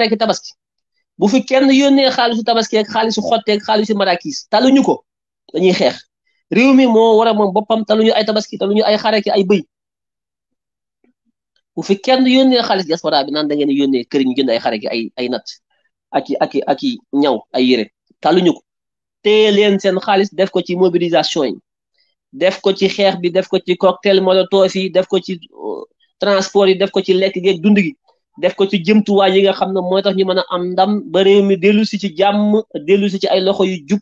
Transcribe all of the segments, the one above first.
rek tabaski bu fi kenn yónnee xaalisu tabaski xaalisu xotteeg xaalisu marakis taluñu ko dañuy xeex réew mi moo war a moom boppam taluñu ay tabaski taluñu ay xareki ay bëy bu fi kenn yónnee xaalis diaspora bi naan da ngeen yónnee kër ñu jënd ay xareki ay ay nat ak i ak i ak i ñaw ay yére taluñu ko téye seen xaalis def ko ci mobilisation yi def ko ci xeex bi def ko ci cocktail molotov yi def ko ci euh, transport yi def ko ci lekk geeg dund gi def ko ci jëmtuwaay yi nga xam ne mooy tax ñu mën a am ndam ba réew mi dellu si ci jàmm dellu si ci ay loxo yu jub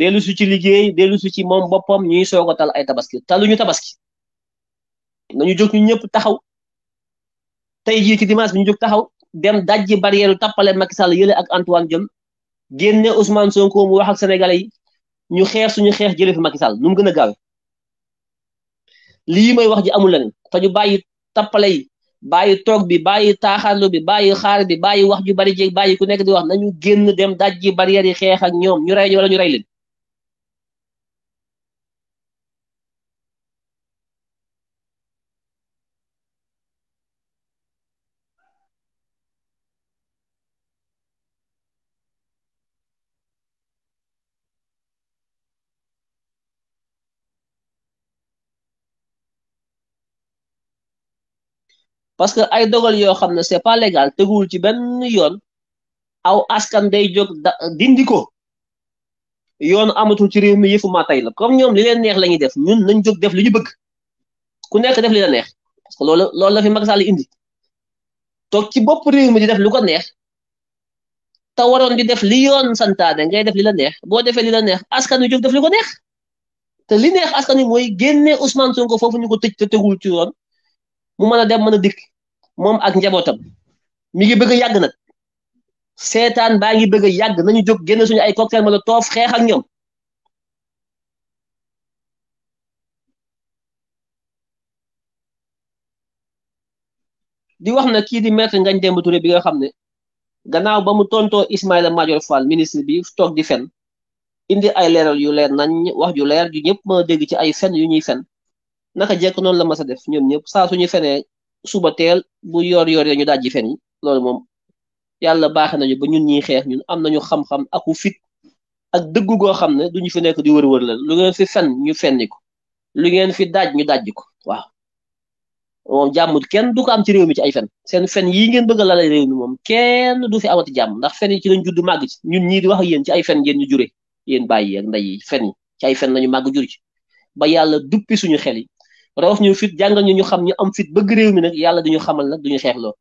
dellu si ci liggéey dellu si ci moom boppam ñuy soog tal ay tabaski taluñu tabaski nañu jóg ñu ñëpp taxaw tey jii ci dimanche bi ñu jóg taxaw dem dajji barrière yu Macky Sall yële ak Antoine Diom génne Ousmane Sonko mu wax ak sénégalais yi ñu xeex suñu xeex jële fi Macky Sall nu mu gën a lii may wax ji amul leneen te ñu bàyyi tappale yi bàyyi toog bi bàyyi taaxarlu bi bàyyi xaar bi bàyyi wax ju bari jéeg bàyyi ku nekk di wax nañu génn dem daj ji barrières yi xeex ak ñoom ñu rey ñu wala ñu rey leen parce que ay dogal yoo xam ne c'est pas légal teguwul ci benn yoon aw askan day jóg da dindi ko yoon amatul ci réew mi yëfu maa tey la comme ñoom li leen neex la def ñun nañ jog def li ñu bëgg ku nekk def li la neex parce loolu loolu la fi Macky Sall toog ci bopp réew mi di def lu ko neex te waroon di def li yoon santaane ngay def li la neex boo defee li la neex askan wi jóg def li ko neex te li neex askan wi mooy génne Ousmane Sonko foofu ñu ko tëj te tegul ci yoon mu mën a dem mën a dikk moom ak njabootam mi ngi bëgg a yàgg nag seetaan baa ngi bëgg a yàgg nañu jóg génn suñu ay cocktail ma la toof xeex ak ñoom di wax na kii di maître Ngagne Demba bi nga xam ne gannaaw ba mu tontoo Ismaïla Madior Fall ministre bi toog di fen indi ay leeral yu leer nañ wax yu leer ju ñëpp mën dégg ci ay fen yu ñuy fen naka jekk noonu la mas a def ñoom ñëpp saa suñu fenee suba teel bu yor yor ñu dajji fen yi loolu moom yàlla baaxe nañu ba ñun ñuy xeex ñun am nañu xam-xam aku fit ak dëgg goo xam ne duñu fi nekk di wër-wër la lu ngeen fi fen ñu fenni lu ngeen fi daaj ñu dajji ko waaw moom jàmm kenn du ko am ci réew mi ci ay fen seen fen yii ngeen bëgg a lala réew mi moom kenn du fi amati jàmm ndax fen yi ci lañ judd màgg ci ñun ñii di wax ak yéen ci ay fen ngeen ñu jure yéen bàyyi ak nday yi fen yi ci ay fen lañu màgg jur ci ba yàlla duppi suñu xel yi roof ñu fit jàngal ñu ñu xam ñu am fit bëgg réew mi nag yàlla duñu xamal nag ñu xeexloo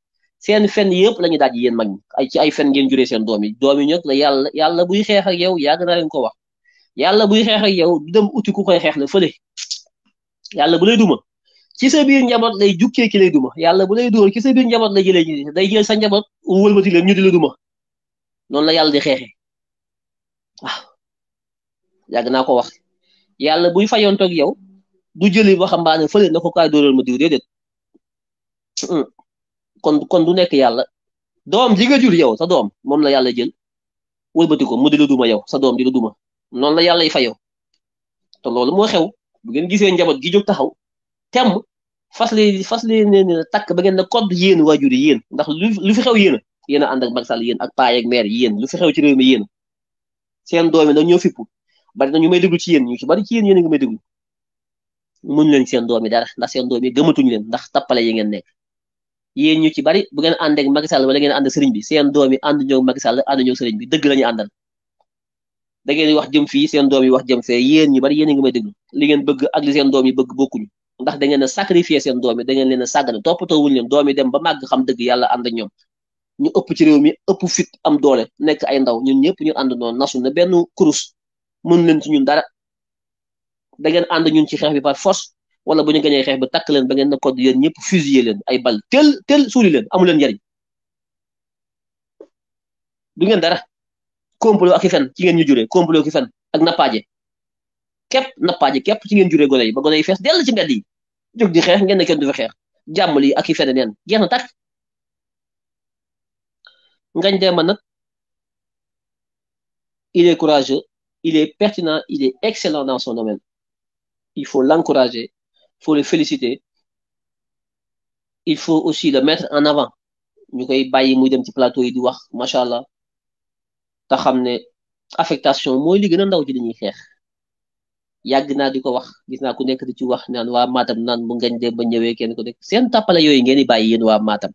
seen fen yëpp la daaj yéen mag ñi ay ci ay fen ngeen juree seen doom yi doom yi nag la yàlla yàlla buy xeex ak yow yàgg naa leen ko wax yàlla buy xeex yow dem uti ku koy xeex la fële yàlla bu lay duma ci sa biir njaboot lay jukkee ki lay duma yàlla bu lay dóor ci sa biir njaboot lay jëlee ñi day jël sa njaboot wëlbati leen ñu di la noonu la yàlla di xeexee waaw naa ko wax yàlla buy fayontoog yow du jëli waxambaane fële na ko kaay dóoral ma diw déedéet hmm. kon kon du nekk yàlla doom ji nga jur yow sa doom moom la yàlla jël wëlbati ko mu di la duma yow sa doom di la noonu la yàlla yi fa yow te loolu moo xew bu ngeen gisee njaboot gi jóg taxaw temm fas lee fas lee nee takk ba ngeen na kodd yéen waajur jur yéen ndax lu fi xew yéen yéen a ànd ak Macky Sall yéen ak paa yeeg maire yéen lu fi xew ci réew mi yéen seen doom yi nag ñoo fippu bari na ñu may déglu ci yen ñu ci bari ci may déglu muñ leen seen doomi dara ndax seen doomi gëmatuñ leen ndax tappale yi ngeen nekk yéen ñu ci bari bu ngeen ànd ak Macky Sall wala ngeen ànd sëriñ bi seen doomi ànd ñoo Macky Sall ànd ñoo sëriñ bi dëgg lañu àndal da ngeen wax jëm fii seen doomi wax jëm fee yéen ñu bari yéen a ngi may déglu li ngeen bëgg ak li seen doomi bëgg bokkuñu ndax da ngeen a sacrifier seen doomi da ngeen leen a sàggane toppatoo wuñ leen doomi dem ba màgg xam dëgg yàlla ànd ak ñoom ñu ëpp ci réew mi ëpp fit am doole nekk ay ndaw ñun ñëpp ñu ànd noonu nasu na benn kurus mën leen ci ñun dara da ngeen ànd ñun ci xeex bi par force wala bu ñu gañee xeex bi takk leen ba ngeen na code yéen ñëpp fusiller leen ay bal tel tel suuli leen amu leen njariñ du ngeen dara complot ak i fen ci ngeen ñu juree complot ak i ak nappaaje képp nappaaje képp ci ngeen juree gone yi ba gone yi fees dell ci mbedd yi jóg di xeex ngeen ne kenn du fa xeex jàmm lii ak i fen neen jeex na takk ngañ dee man nag il est courageux il est pertinent il est excellent dans son il faut l'encourager, il faut le féliciter, il faut aussi le mettre en avant ñu koy bàyyi muy dem ci plateau yi di wax macha allah te affectation mooy li gën a ndaw ci li ñuy xeex yàgg wax gis na ku nekk di ci wax nan wa Matam nan bu ngañ de ba ñëwee kenn ko nekk sen tàppale yoy ngeen di bàyyi yéen waa Matam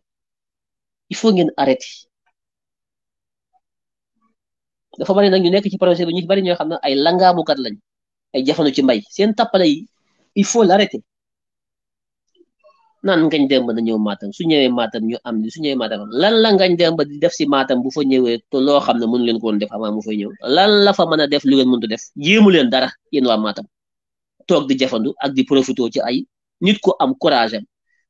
il faut ngeen arrêté dafa bari nak ñu nekk ci projet bi ñu ci bari ñoo xam ne ay kat lañ ay jafandu ci mbay seen tappale yi il faut l'arrêter naan ngañ dem ba na ñëw maatam su ñëwee maatam ñu am su ñëwee maatam lan la ngañ dem ba di def si maatam bu fa ñëwee te loo xam ne mënu leen koon def avant mu fay ñëw lan la fa mën a def lu leen mënut def jéemu leen dara yéen waa maatam toog di jafandu ak di profité ci ay nit ku am courage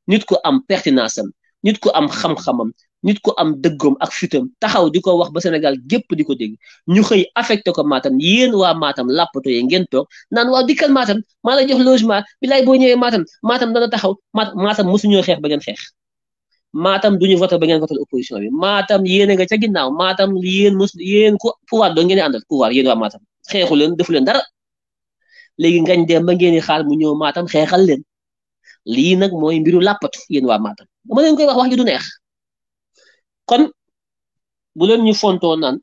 nit ku am pertinence am nit ku am xam-xamam nit ko am dëggoom ak fitam taxaw di ko wax ba Sénégal gépp di ko dégg ñu xëy affecté ko maatam yéen waa maatam làppato yee ngeen toog naan waaw dikkal Matam maa la jox logement bilaay boo ñëwee Matam Matam dana taxaw Matam mosuñoo xeex ba ngeen xeex du duñu voté ba ngeen voté opposition bi maatam yéen nga ca ginnaaw Matam yéen mos yéen ku pouvoir doo ngeen àndal pouvoir yéen waa Matam xeexu leen defu leen dara léegi ngañ dem ba ngeen xaar mu ñëw Matam xeexal leen lii nag mooy mbiru làppatu yéen waa Matam dama leen koy wax wax ju du neex kon bu len ñu fonto nan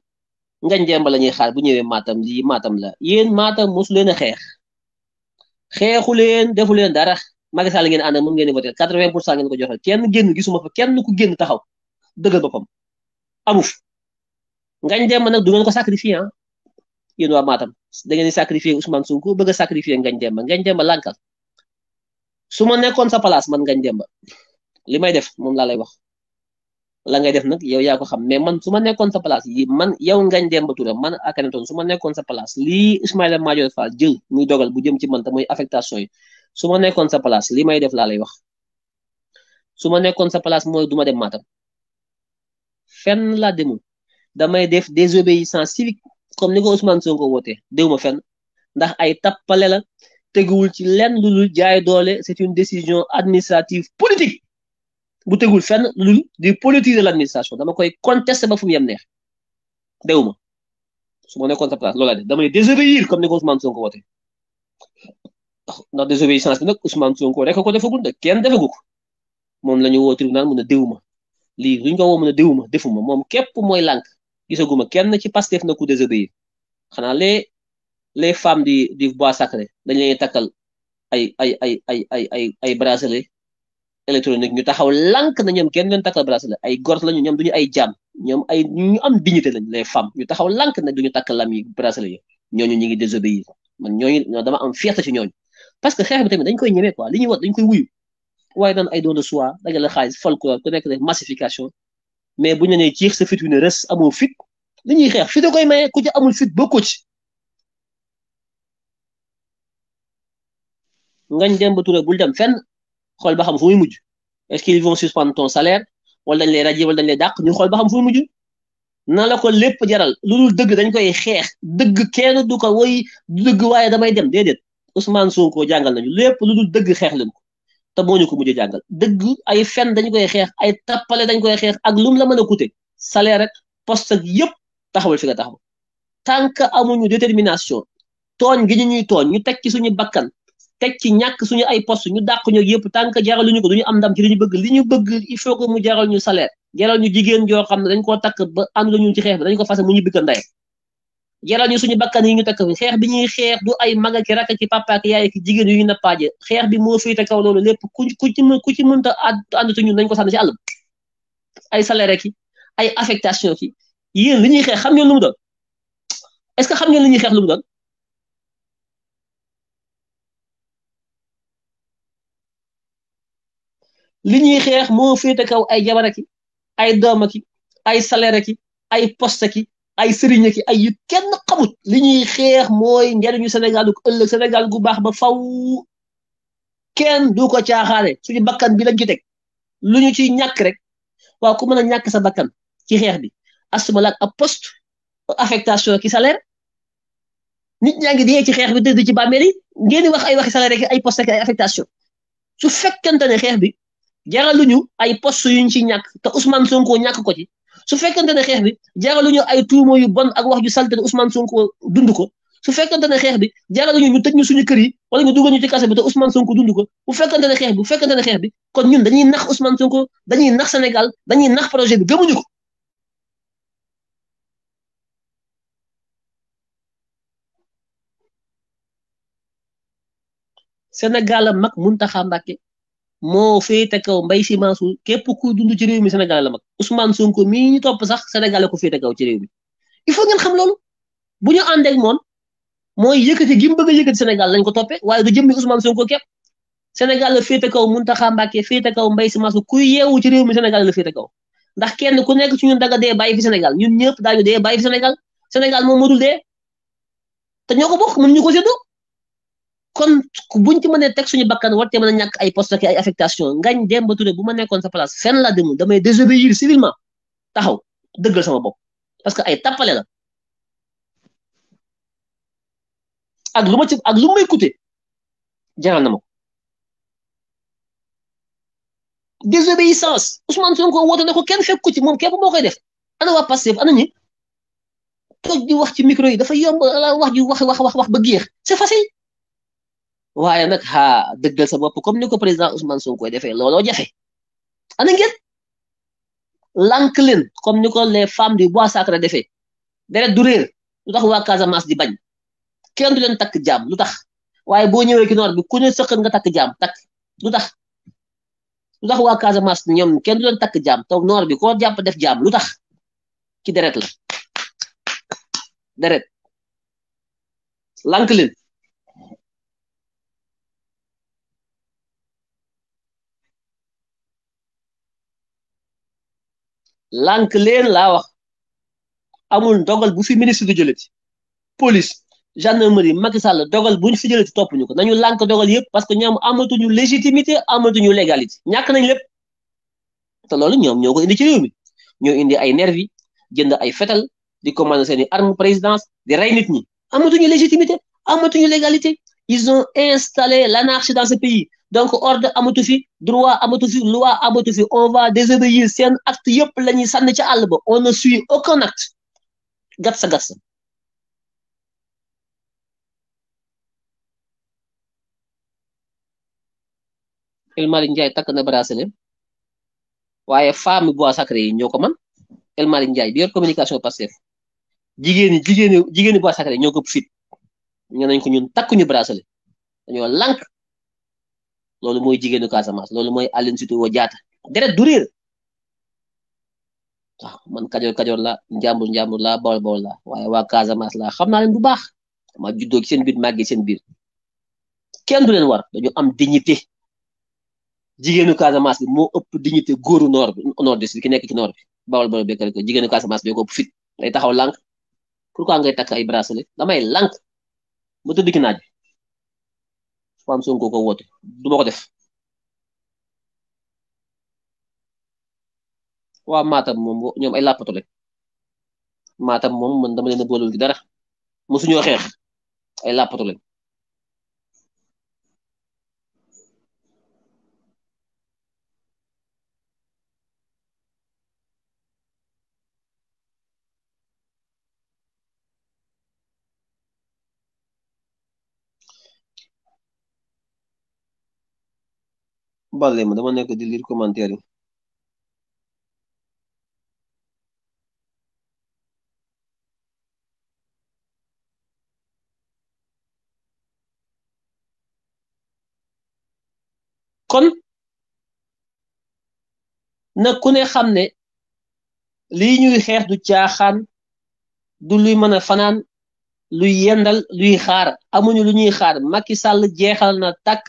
ngañ jemba la ñuy xaar bu ñëwee matam lii matam la yeen matam musu leen xex xexu xeexu leen defu leen dara Macky Sall ngeen àndal mu ngeen di 80% ngeen ko joxal kenn genn gisuma fa kenn ku genn taxaw deugal bopam amuf ngañ jemba nak du ngeen ko sacrifier hein ah. yeen wa matam da ngeen sacrifier Ousmane Sonko bëgg sacrifier ngañ jemba ngañ jemba lankal suma nekkon sa place man ngañ jemba limay def mom la lay wax la ngay def nag yow yaa ko xam mais man su ma nekkoon sa place yi man yow Ngagne Demba Touré man Akhenaton su ma nekkoon sa place lii Ismaïla Madior Fall jël muy dogal bu jëm ci man te muy affectation yi su ma nekkoon sa place lii may def laa lay wax su ma nekkoon sa place mooy duma dem Matam fenn laa demul damay def désobéissance civique comme ni ko Ousmane Sonko wootee déw ma fenn ndax ay tappale la teguwul ci lenn lu dul jaay doole c'est une décision administrative politique bu tegul fenn lul di politiser l' administration dama koy contester ba fu mu yem neex dewuma su ma nekkoon sa place loolu laa def damay désobéir comme ni ko Ousmane Sonko wootee ndax désobéissance bi nag Ousmane Sonko rek ko defagul de kenn defagu ko moom la ñu woo tribunal mun a dewuma lii lu ñu ko woo mun a dewuma defuma moom képp mooy lànk gisaguma kenn ci Pastef na ku désobéir xanaa le les femmes di di bois sacré dañ leen takkal ay ay ay ay ay ay ay bracelet électronique ñu taxaw lànk na ñoom kenn leen takkal bracelet ay góor lañu ñoom duñu ay jaam ñoom ay ñu am dignité lañ les femmes ñu taxaw lànk na duñu takk lam yi bracelet yi ñooñu ñu ngi désobéir man ñooñu dama am fierté ci ñooñu parce que xeex bi tamit dañ koy ñemee quoi li ñuy wax dañ koy wuyu waaye daan ay don de soi dajale xaalis folklore ku nekk ne massification bu ñu nee ciix sa fit wi ne res amoo fit li ñuy xeex fit a koy maye ku ci amul fit bokkoo ci ngañ dem ba Touré bul dem fenn xol ba xam fu muy mujj est-ce qu'ils vont suspendre ton salaire wala dañ lay raje wala dañ lay dàq ñu xol ba xam fu muy mujj na la ko lépp jaral lu dul dëgg dañ koy xeex dëgg kenn du ko woy du dëgg waaye damay dem déedéet Ousmane Sonko jàngal nañu lépp lu dul dëgg xeex leen ko te moñu ko mujj jàngal dëgg ay fen dañ koy xeex ay tapale dañ koy xeex ak lum la mën a coûter salaire rek poste ak yëpp taxawal fi nga taxaw tant que amuñu détermination tooñ gi ñuy tooñ ñu teg ci suñu bakkan teg ci ñàkk suñu ay poste ñu dàq ñoo yëpp tant que jaraluñu ko ñu am dam ci li ñu bëgg li ñu bëgg il faut que mu jaral ñu salaire jaral ñu jigéen joo xam ne dañ koo takk ba ànd la ñu ci xeex bi ko fase mu ñu bikka ndey jaral ñu suñu bakkan yi ñu takk xeex bi ñuy xeex ay mag ak rakk ki papa ki jigéen yu ñu nappaaje xeex bi moo féete kaw loolu lépp ku ku ci ku ci mënta ànd ci ñun dañ ko sànni ci àll ay salaire ki ay affectation ki yéen li ñuy xeex xam ngeen lu mu doon est-ce xam ngeen li ñuy xeex lu mu doon li ñuy xeex moo féete kaw ay jabara ki ay dooma ay salaire ay poste ki ay sëriña ki ay yu kenn xamut li ñuy xeex mooy njariñu Sénégal gu ëllëg Sénégal gu baax ba faw kenn du ko caaxaane suñu bakkan bi lañ ci teg lu ñu ciy ñàkk rek waaw ku mën a ñàkk sa bakkan ci xeex bi asuma laak ab poste affectation ki salaire nit ñaa ngi dee ci xeex bi dëdd ci bàmmeel yi ngeen wax ay waxi salaire ay poste ay affectation su fekkente ne xeex bi jaraluñu ay poste yuñ ci ñàkk te Ousmane Sonko ñàkk ko ci su fekkente ne xeex bi jaraluñu ay tuuma yu bon ak wax ju salte te Sonko dund ko su fekkente ne xeex bi jaraluñu ñu tëj ñu suñu kër yi wala ñu dugal ñu ci kaso bi te Ousmane Sonko dund ko bu fekkente ne xeex bu fekkente ne xeex kon ñun dañuy nax Ousmane Sonko dañuy nax Sénégal dañuy nax projet bi gëmuñu ko. Sénégal mag Mountakha Mbacké. moo te kaw Mbaye Sy Mansour képp kuy dund ci réew mi Sénégal la mag Ousmane Sonko mii ñu topp sax Sénégal la ko féete kaw ci réew mi il faut ngeen xam loolu bu ñu ànd moon moom mooy yëkkati gi mu bëgg a lañ ko toppee waaye du jëmmi Ousmane Sonko képp Sénégal la féete kaw Mountakha Mbacké féete kaw Mbaye Sy Mansour kuy yeewu ci réew mi Sénégal la féete kaw ndax kenn ku nekk ci ñun daga dee bàyyi fi Sénégal ñun ñëpp daañu dee bàyyi fi Sénégal Sénégal moom motul dee te ko bokk kon buñ ci mënee teg suñu bakkan warte mën a ñàkk ay poste ak ay affectation ngañ Demba Touré bu ma nekkoon sa place fenn laa demul damay désobéir taxaw dëggal sama bopp parce que ay tappale la lu ma ci ak lu may coûter jaral na ma ko désobéissance Ousmane Sonko woote na ko kenn fekk ko ci moom képp moo koy def ana waa Pastef ana ñi toog di wax ci micro yi dafa yomb wax ji wax wax wax ba géex c'est facile waaye nag xaa dëggal sa bopp comme ni ko président Ousmane Sonko koy defee looloo jafe eh. ana ngeen leen comme ni ko les femmes du bois sacré defee deret du réer lu tax waa Casamance di bañ kenn du leen takk jaam lu tax waaye boo ñëwee ci noor bi ku ne nga takk jaam takk lu tax lu tax waa Casamance ñoom kenn du takk jaam taw noor bi koo jàpp def jaam lu tax ci deret la deret lànk lànk leen laa wax amul dogal bu fi ministre di jëlati police gendarmerie Macky Sall dogal bu ñu fi jëlati topp ñu ko nañu lànk dogal yëpp parce que ñam amatuñu légitimité amatuñu légalité ñàkk nañ lépp te loolu ñoom ñoo ko indi ci ñoo indi ay nervi jënd ay fetal di commandé seeni arme présidence di rey nit ñi amatuñu légitimité amatuñu légalité ils ont la l'anarchie dans ce pays donc ordre amatu fi droit amatu fi loi amatu fi on va désobéir seen acte yëpp la ñuy sànni ci àll ba on ne suit aucun acte gat sa gat Ndiaye takk na bracelet waaye femme bois sacré yi ñoo ko man El Malick Ndiaye bi yor communication Pastef jigéen ñi jigéen ñi jigéen ñi bois sacré ñoo ko fit ñu nañ ko ñun takkuñu bracelet dañoo loolu moy jigenu Casamance loolu moy alin situ wo deret dere durir man kajoor kajoor la njàmbur njàmbur la bol bol la waye wa Casamance la xamna len bu bax ma juddo ci sen biir magge sen bir kenn du len war dañu am dignité jigenu Casamance mo upp dignité goru nord bi nord ci ki nek ci nord bi bawol bawol bekkal ko jigenu Casamance be ko fit day taxaw lank pourquoi ngay tak ay bracelet damay lank tuddi ki naaj Ousmane Sonko ko woote du ma ko def waa mata moom ñoom ay làppato lañ Matam moom man dama leen a boolul dara mosuñoo xeex ay làppato lañ Valeu, manda uma di lirico mantieri. kon na ku ne xam ne lii xeex du caaxaan du luy mën a luy yendal luy xaar amuñu xaar Macky na tak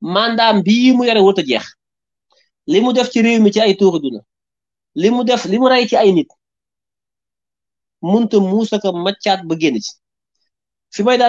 mandaam bii mu yore wut jeex li mu def ci réew mi ci ay tuuri li mu def li mu rey ci ay nit munta muusaka maccaat ba génn ci fi may daal